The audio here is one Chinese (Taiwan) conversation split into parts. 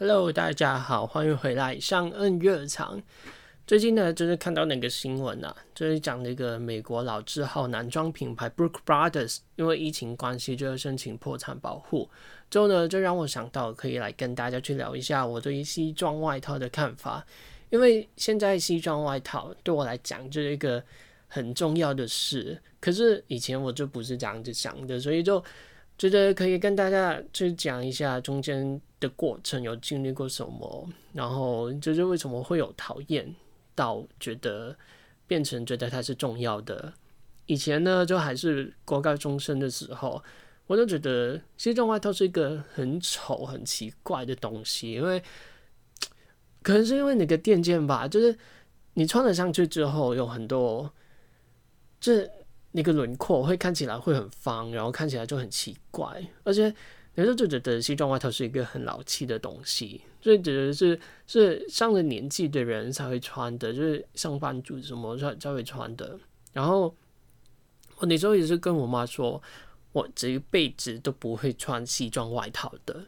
Hello，大家好，歡迎回來 Sean Station。最近呢，就是看到那個新聞啊，就是講那個美國老字號男裝品牌 Brook Brothers 因為疫情關係，就要申請破產保護。之後呢，就讓我想到可以來跟大家去聊一下我對西裝外套的看法，因為現在西裝外套對我來講就是一個很重要的事。可是以前我就不是這樣子想的，所以就。覺得可以跟大家去講一下中間的過程，有經歷過什麼，然後就是為什麼會有討厭到覺得變成覺得它是重要的。以前呢，就還是國高中生的時候，我都覺得西裝外套是一個很醜、很奇怪的東西，因為可能是因為那個墊肩吧，就是你穿了上去之後有很多這。那個輪廓會看起來會很方，然後看起來就很奇怪，而且那時候就覺得西裝外套是一個很老氣的東西，所以覺得是是上了年紀的人才會穿的，就是上班族什麼才才會穿的。然後我那時候也是跟我媽說，我這一輩子都不會穿西裝外套的。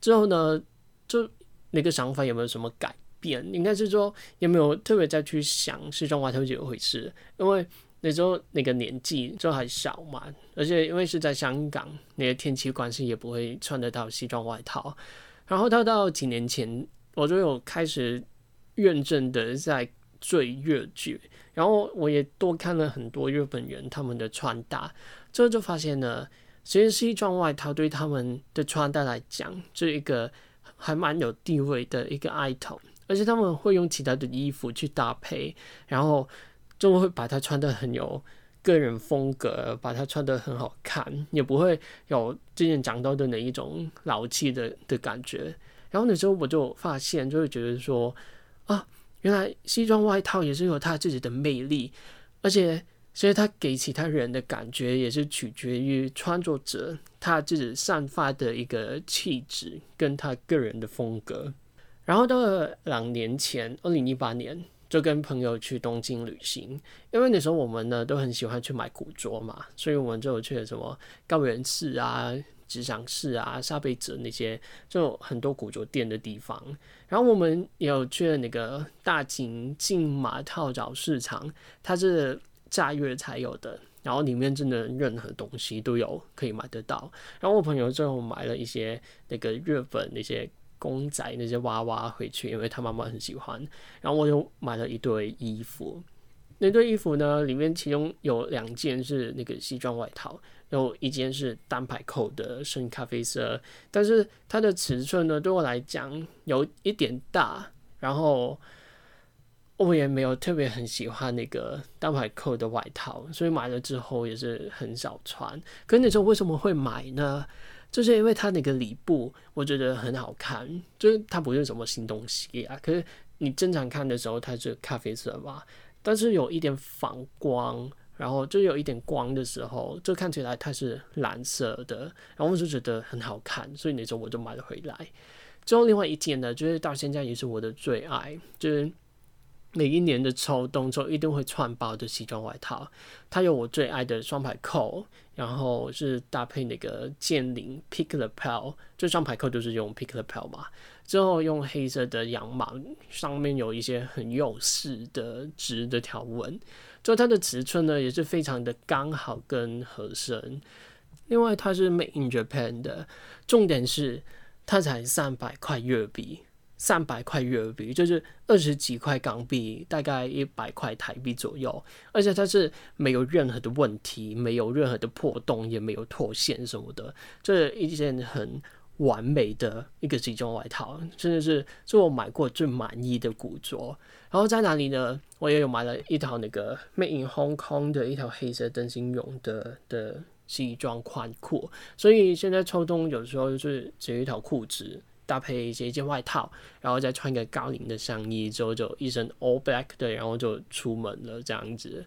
之後呢，就那個想法有沒有什麼改變？應該是說有沒有特別再去想西裝外套這回事？因為。那時候那個年紀就還小嘛，而且因為是在香港，那個天氣關係也不會穿得到西裝外套。然後到到幾年前，我就有開始認真的在追粵劇，然後我也多看了很多日本人他們的穿搭，之後就發現了，其實西裝外套對他們的穿搭來講，這一個還蠻有地位的一個 item，而且他們會用其他的衣服去搭配，然後。就會把它穿得很有個人風格，把它穿得很好看，也不會有之前講到的那一種老氣的的感覺。然後那時候我就發現，就會覺得說，啊，原來西裝外套也是有它自己的魅力，而且，所以它給其他人的感覺也是取決於穿着者他自己散發的一個氣質，跟他個人的風格。然後到了兩年前，二零一八年。就跟朋友去東京旅行，因為那時候我們呢都很喜歡去買古着嘛，所以我們就去了什麼高圓寺啊、吉祥寺啊、澀谷那些，就很多古着店的地方。然後我們也有去了那個大井競馬套找市場，它是假月才有的，然後裡面真的任何東西都有可以買得到。然後我朋友就買了一些那個日本那些。公仔那些娃娃回去，因為他媽媽很喜歡。然後我就買了一堆衣服，那堆衣服呢，裡面其中有兩件是那個西裝外套，有一件是單排扣的深咖啡色，但是它的尺寸呢，對我來講有一點大，然後。我也沒有特別很喜歡那個單排扣的外套，所以買了之後也是很少穿。可是那時候為什麼會買呢？就是因為它那個裡布我覺得很好看，就是它不是什麼新東西啊。可是你正常看的時候它是咖啡色嘛，但是有一點反光，然後就有一點光的時候，就看起來它是藍色的，然後我就覺得很好看，所以那時候我就買了回來。之後另外一件呢，就是到現在也是我的最愛，就是。每一年的秋冬就一定會穿爆的西裝外套。它有我最愛的雙排扣，然後是搭配那個劍領 peak lapel，這雙排扣就是用 peak lapel 嘛，之後用黑色的羊毛，上面有一些很幼細的直的條紋。就它的尺寸呢，也是非常的剛好跟合身。另外，它是 made in Japan 的，重點是它才三百塊月幣。三百塊日幣就是二十幾塊港幣，大概一百塊台幣左右，而且它是沒有任何的問題，沒有任何的破洞，也沒有脫線什麼的，這、就是、一件很完美的一個西裝外套，真的是是我買過最滿意的古着。然後在哪裡呢？我也有買了一套那個 made in Hong Kong 的一條黑色燈芯絨的的西裝寬褲，所以現在秋冬有時候就是只有一條褲子。搭配一些一件外套，然後再穿一個高領的上衣，之後就一身 all black 的，然後就出門了這樣子。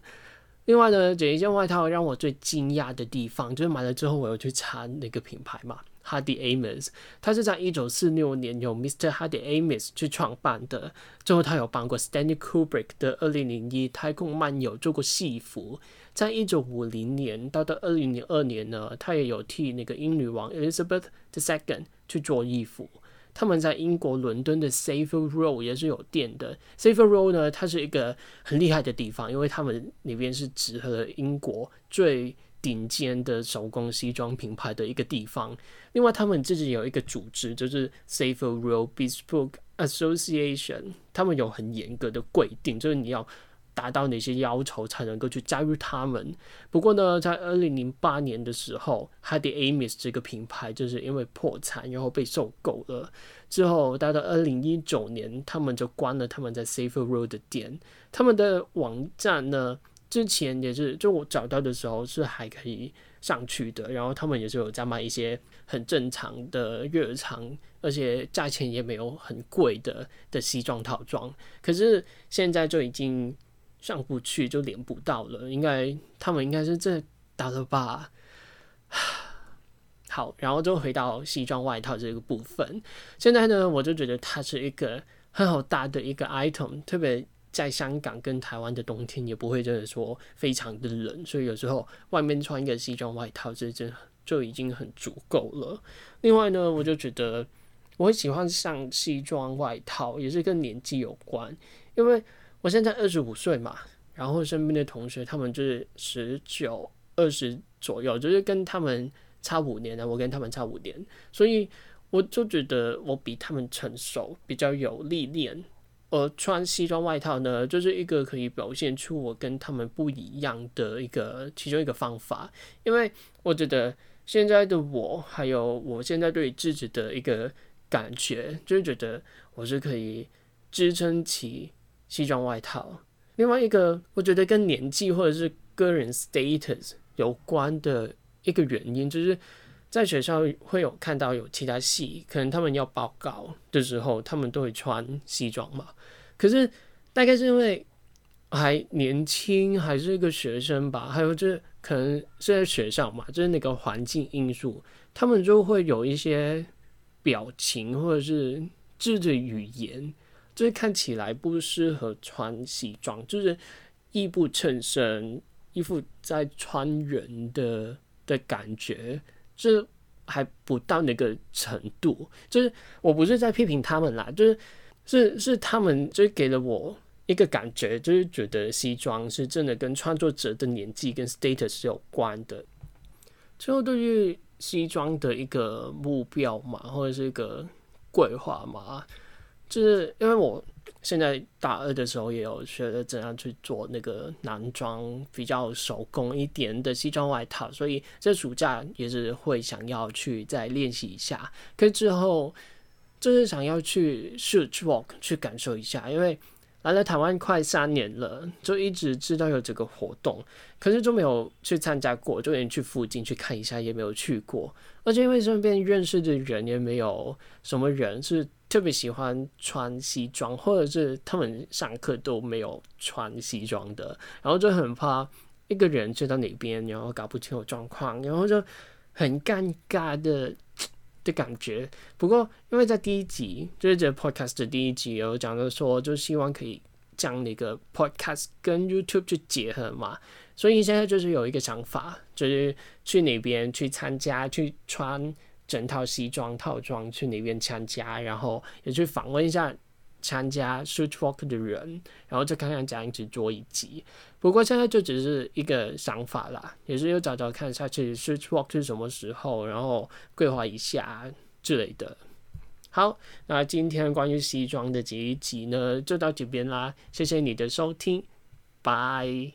另外呢，這一件外套讓我最驚訝的地方，就是買了之後，我有去查那個品牌嘛 Hardy Amies 它是在一九四六年由 Mr. Hardy Amies 去創辦的。之後他有幫過 Stanley Kubrick 的《二零零一太空漫遊》做過戲服，在一九五零年到到二零零二年呢，他也有替那個英女王 Elizabeth the Second 去做衣服。他們在英國倫敦的 Savile Row 也是有店的。Savile Row 呢，它是一個很厲害的地方，因為他們裡面是集合了英國最頂尖的手工西裝品牌的一個地方。另外，他們自己有一個組織，就是 Savile Row Bespoke Association。他們有很嚴格的規定，就是你要。達到哪些要求才能夠去加入他們？不過呢，在二零零八年的時候，Hardy Amies 這個品牌就是因為破產，然後被收購了。之後，到到二零一九年，他們就關了他們在 Savile Row 的店。他們的網站呢，之前也是，就我找到的時候是還可以上去的。然後他們也是有在賣一些很正常的日常，而且價錢也沒有很貴的的西裝套裝。可是現在就已經。上不去，就連不到了，應該他們應該是這打的吧。好，然後就回到西裝外套這個部分。現在呢，我就覺得它是一個很好搭的一個 item，特別在香港跟台灣的冬天也不會真的說非常的冷，所以有時候外面穿一個西裝外套，這件就已經很足夠了。另外呢，我就覺得我很喜歡上西裝外套，也是跟年紀有關，因為。我現在二十五歲嘛，然後身邊的同學他們就是十九二十左右，就是跟他們差五年，我跟他們差五年，所以我就覺得我比他們成熟，比較有歷練。呃，穿西裝外套呢，就是一個可以表現出我跟他們不一樣的一個其中一個方法。因為我覺得現在的我，還有我現在對自己的一個感覺，就是覺得我是可以支撐起。西裝外套，另外一個我覺得跟年紀或者是個人 status 有關的一個原因，就是在學校會有看到有其他系可能他們要報告的時候，他們都會穿西裝嘛。可是大概是因為還年輕，還是一個學生吧，還有就是可能是在學校嘛，就是那個環境因素，他們就會有一些表情或者是肢的語言。就是看起來不適合穿西裝，就是衣不襯身衣服在穿人的的感覺，就是還不到那個程度。就是我不是在批評他們啦，就是是是他們就給了我一個感覺，就是覺得西裝是真的跟穿著者的年紀跟 status 是有關的。最後對於西裝的一個目標嘛，或者是一個規劃嘛。是因為我現在大二的時候也有學怎樣去做那個男裝比較手工一點的西裝外套，所以這暑假也是會想要去再練習一下。可是之後就是想要去 Suit Walk 去感受一下，因為來了台灣快三年了，就一直知道有這個活動，可是就沒有去參加過，就連去附近去看一下，也沒有去過，而且因為身邊認識的人也沒有什麼人是。特別喜歡穿西裝，或者是他們上課都沒有穿西裝的，然後就很怕一個人去到那邊，然後搞不清楚狀況，然後就很尷尬的的感覺。不過因為在第一集，就是這 podcast 的第一集有講到說，就希望可以將那個 podcast 跟 YouTube 去結合嘛，所以現在就是有一個想法，就是去那邊去參加，去穿。整套西裝套裝去那邊參加，然後也去訪問一下參加 suit walk 的人，然後再看看怎樣子做一集。不過現在就只是一個想法啦，也是要找找看下次 suit walk 是什麼時候，然後規劃一下之類的。好，那今天關於西裝的這一集呢，就到這邊啦，謝謝你的收聽，拜。